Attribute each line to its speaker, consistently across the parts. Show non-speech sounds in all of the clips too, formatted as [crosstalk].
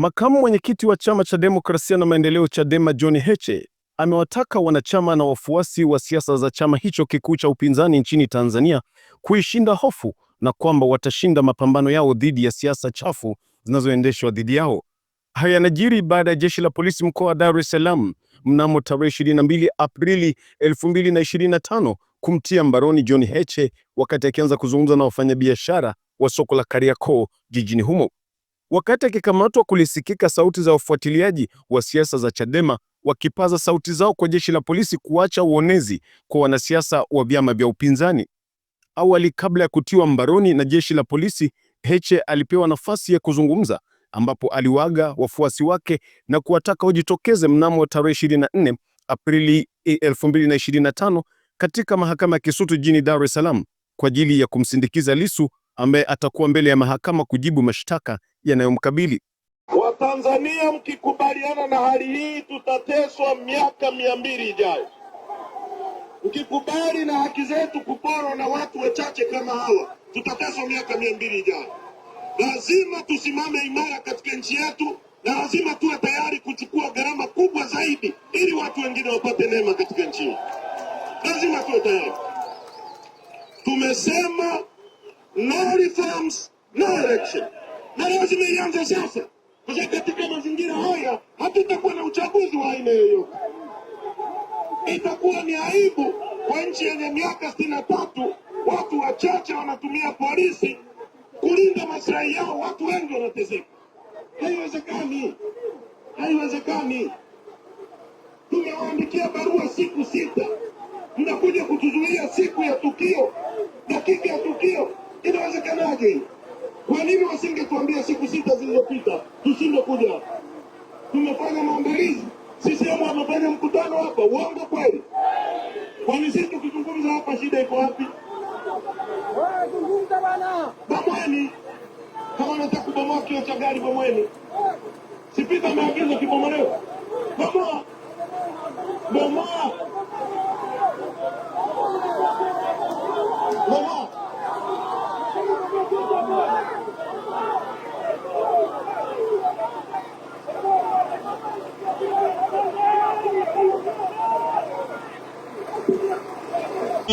Speaker 1: Makamu mwenyekiti wa chama cha demokrasia na maendeleo Chadema John Heche amewataka wanachama na wafuasi wa siasa za chama hicho kikuu cha upinzani nchini Tanzania kuishinda hofu na kwamba watashinda mapambano yao dhidi ya siasa chafu zinazoendeshwa dhidi yao. Haya yanajiri baada ya jeshi la polisi mkoa wa Dar es Salaam mnamo tarehe 22 Aprili 2025 kumtia mbaroni John Heche wakati akianza kuzungumza na wafanyabiashara wa soko la Kariakoo jijini humo. Wakati akikamatwa, kulisikika sauti za wafuatiliaji wa siasa za Chadema wakipaza sauti zao kwa jeshi la polisi kuacha uonezi kwa wanasiasa wa vyama vya upinzani. Awali, kabla ya kutiwa mbaroni na jeshi la polisi, Heche alipewa nafasi ya kuzungumza ambapo aliwaga wafuasi wake na kuwataka wajitokeze mnamo tarehe 24 Aprili 2025 katika mahakama ya Kisutu jijini Dar es Salaam kwa ajili ya kumsindikiza Lissu ambaye atakuwa mbele ya mahakama kujibu mashtaka yanayomkabili.
Speaker 2: Watanzania, mkikubaliana na hali hii tutateswa miaka mia mbili ijayo. Mkikubali na haki zetu kuporwa na watu wachache kama hawa, tutateswa miaka mia mbili ijayo. Lazima tusimame imara katika nchi yetu na lazima tuwe tayari kuchukua gharama kubwa zaidi ili watu wengine wapate neema katika nchi hii. Lazima tuwe tayari. Tumesema no reforms, no election na leo zima sasa, kwa sababu katika mazingira haya hatutakuwa na uchaguzi wa aina yoyote. Itakuwa ni aibu kwa nchi yenye miaka sitini na tatu watu wachache wanatumia polisi kulinda maslahi yao, watu wengi wanateseka. Haiwezekani, haiwezekani. Tumewaandikia barua siku sita, mnakuja kutuzuia siku ya tukio, dakika ya tukio. Inawezekanaje? Kwa nini wasingetuambia siku sita zilizopita tushindwe kuja? Tumefanya maombelezi, CCM wamefanya mkutano hapa, uongo kweli? Kwani sisi tukizungumza hapa shida iko wapi? bamweni kama nataka kubomoa kio cha gari bomweni, sipita ameagiza kibomolewa, bomoa bomoa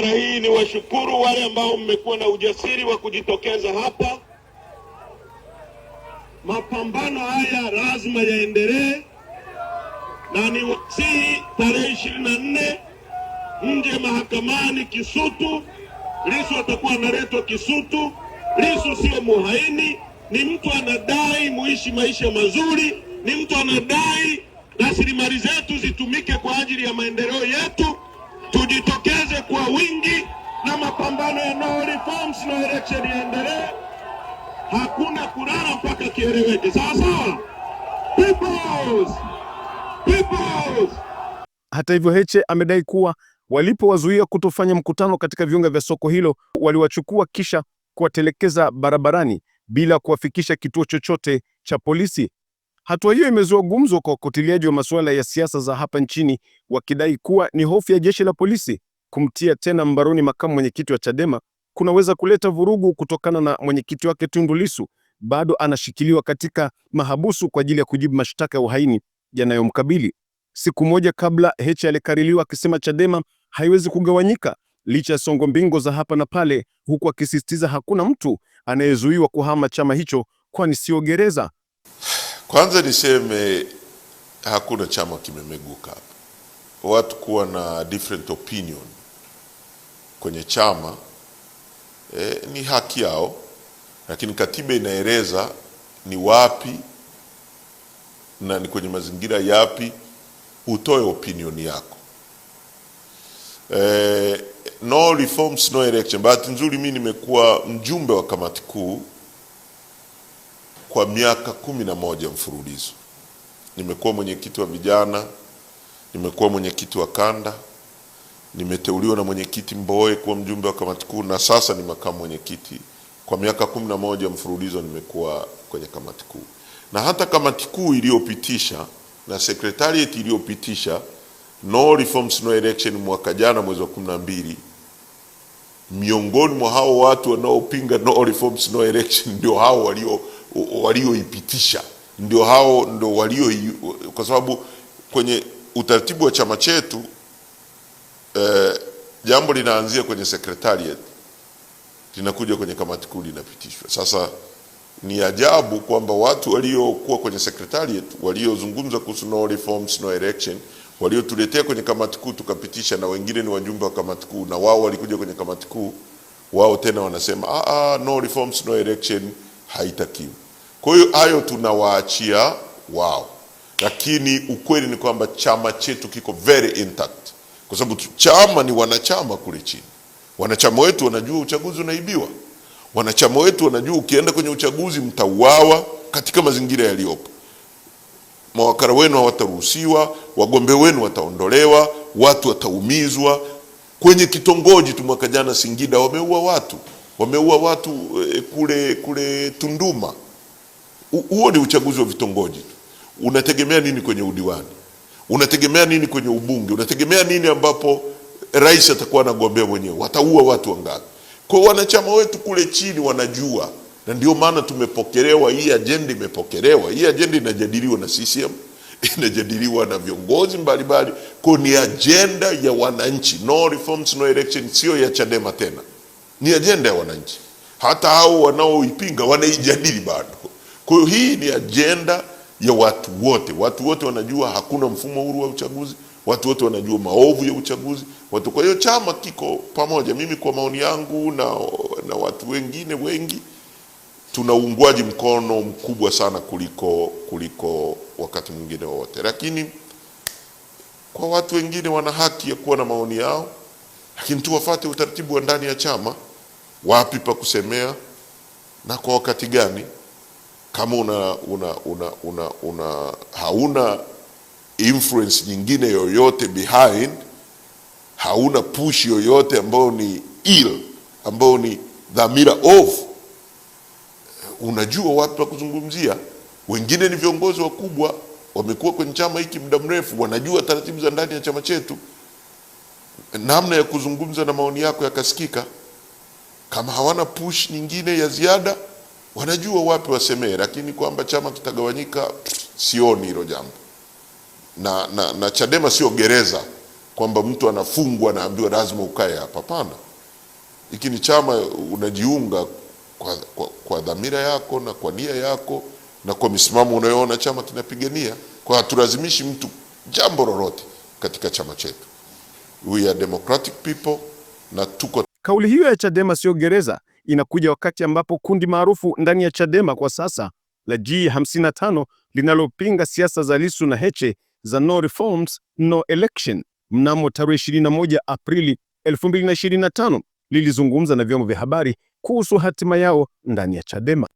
Speaker 2: Safari hii ni washukuru wale ambao mmekuwa na ujasiri wa kujitokeza hapa. Mapambano haya lazima yaendelee, na ni wasihi tarehe ishirini na nne nje mahakamani Kisutu. Lisu atakuwa analetwa Kisutu. Lisu sio muhaini, ni mtu anadai muishi maisha mazuri, ni mtu anadai rasilimali zetu zitumike kwa ajili ya maendeleo yetu. Tujitoke wingi na mapambano ya no reforms no election yaendelee. Hakuna kulala mpaka kieleweke, sawa sawa. Peoples, peoples.
Speaker 1: Hata hivyo, Heche amedai kuwa walipowazuia kutofanya mkutano katika viunga vya soko hilo waliwachukua kisha kuwatelekeza barabarani bila kuwafikisha kituo chochote cha polisi. Hatua hiyo imezua gumzo kwa wakotiliaji wa masuala ya siasa za hapa nchini, wakidai kuwa ni hofu ya jeshi la polisi kumtia tena mbaroni makamu mwenyekiti wa Chadema kunaweza kuleta vurugu kutokana na mwenyekiti wake Tundu Lissu bado anashikiliwa katika mahabusu kwa ajili ya kujibu mashtaka ya uhaini yanayomkabili. Siku moja kabla, Heche alikaririwa akisema Chadema haiwezi kugawanyika licha ya songo mbingo za hapa na pale, huku akisisitiza hakuna mtu anayezuiwa kuhama chama hicho kwani sio gereza.
Speaker 3: Kwanza niseme hakuna chama kimemeguka hapa. Watu kuwa na different opinion kwenye chama e, ni haki yao, lakini katiba inaeleza ni wapi na ni kwenye mazingira yapi utoe opinioni yako. E, no reforms no election. Bahati nzuri mimi nimekuwa mjumbe wa kamati kuu kwa miaka kumi na moja mfululizo. Nimekuwa mwenyekiti wa vijana, nimekuwa mwenyekiti wa kanda Nimeteuliwa na mwenyekiti Mboe kuwa mjumbe wa kamati kuu na sasa ni makamu mwenyekiti. Kwa miaka kumi na moja mfululizo nimekuwa kwenye kamati kuu, na hata kamati kuu iliyopitisha na secretariat iliyopitisha no reforms no election mwaka jana mwezi wa kumi na mbili, miongoni mwa hao watu wanaopinga no reforms no election ndio hao walio walioipitisha ndio hao ndio walio, kwa sababu kwenye utaratibu wa chama chetu Eh, jambo linaanzia kwenye secretariat linakuja kwenye kamati kuu linapitishwa. Sasa ni ajabu kwamba watu waliokuwa kwenye secretariat waliozungumza kuhusu no reforms no election waliotuletea kwenye kamati kuu tukapitisha, na wengine ni wajumbe wa kamati kuu, na wao walikuja kwenye kamati kuu wao tena wanasema ah, ah no reforms no election haitakiwi. Kwa hiyo hayo tunawaachia wao, lakini ukweli ni kwamba chama chetu kiko very intact kwa sababu chama ni wanachama kule chini. Wanachama wetu wanajua uchaguzi unaibiwa, wanachama wetu wanajua ukienda kwenye uchaguzi mtauawa katika mazingira yaliyopo. Mawakala wenu hawataruhusiwa, wagombe wenu wataondolewa, watu wataumizwa. Kwenye kitongoji tu mwaka jana Singida wameua watu, wameua watu eh, kule kule Tunduma. Huo ni uchaguzi wa vitongoji tu. Unategemea nini kwenye udiwani? Unategemea nini kwenye ubunge? Unategemea nini ambapo rais atakuwa anagombea mwenyewe? Wataua watu wangapi? Kwa wanachama wetu kule chini wanajua, na ndio maana tumepokelewa hii ajenda, imepokelewa hii ajenda, inajadiliwa na CCM, [laughs] inajadiliwa na viongozi mbalimbali, kwa ni ajenda ya wananchi. No reforms no election, sio ya Chadema tena, ni ajenda ya wananchi. Hata hao wanaoipinga wanaijadili bado. Kwa hiyo hii ni ajenda ya watu wote. Watu wote wanajua hakuna mfumo huru wa uchaguzi, watu wote wanajua maovu ya uchaguzi watu. Kwa hiyo chama kiko pamoja. Mimi kwa maoni yangu na, na watu wengine wengi tuna uungwaji mkono mkubwa sana kuliko kuliko wakati mwingine wowote, lakini kwa watu wengine wana haki ya kuwa na maoni yao, lakini tuwafate utaratibu wa ndani ya chama, wapi pa kusemea na kwa wakati gani kama una, una, una, una, una hauna influence nyingine yoyote behind, hauna push yoyote ambayo ni ill, ambayo ni dhamira of unajua watu wa kuzungumzia. Wengine ni viongozi wakubwa, wamekuwa kwenye chama hiki muda mrefu, wanajua taratibu za ndani ya chama chetu, namna ya kuzungumza na maoni yako yakasikika. Kama hawana push nyingine ya ziada wanajua wapi wasemee, lakini kwamba chama kitagawanyika, sioni hilo jambo. Na, na, na Chadema sio gereza kwamba mtu anafungwa anaambiwa lazima ukae hapa. Hapana, hiki ni chama unajiunga kwa, kwa, kwa dhamira yako na kwa nia yako na kwa misimamo unayoona chama kinapigania. Kwa hatulazimishi mtu jambo lolote katika chama chetu. We are democratic people na tuko.
Speaker 1: Kauli hiyo ya Chadema sio gereza inakuja wakati ambapo kundi maarufu ndani ya Chadema kwa sasa la G55 linalopinga siasa za Lissu na Heche za no reforms, no election mnamo tarehe 21 Aprili 2025 lilizungumza na vyombo vya habari kuhusu hatima yao ndani ya Chadema.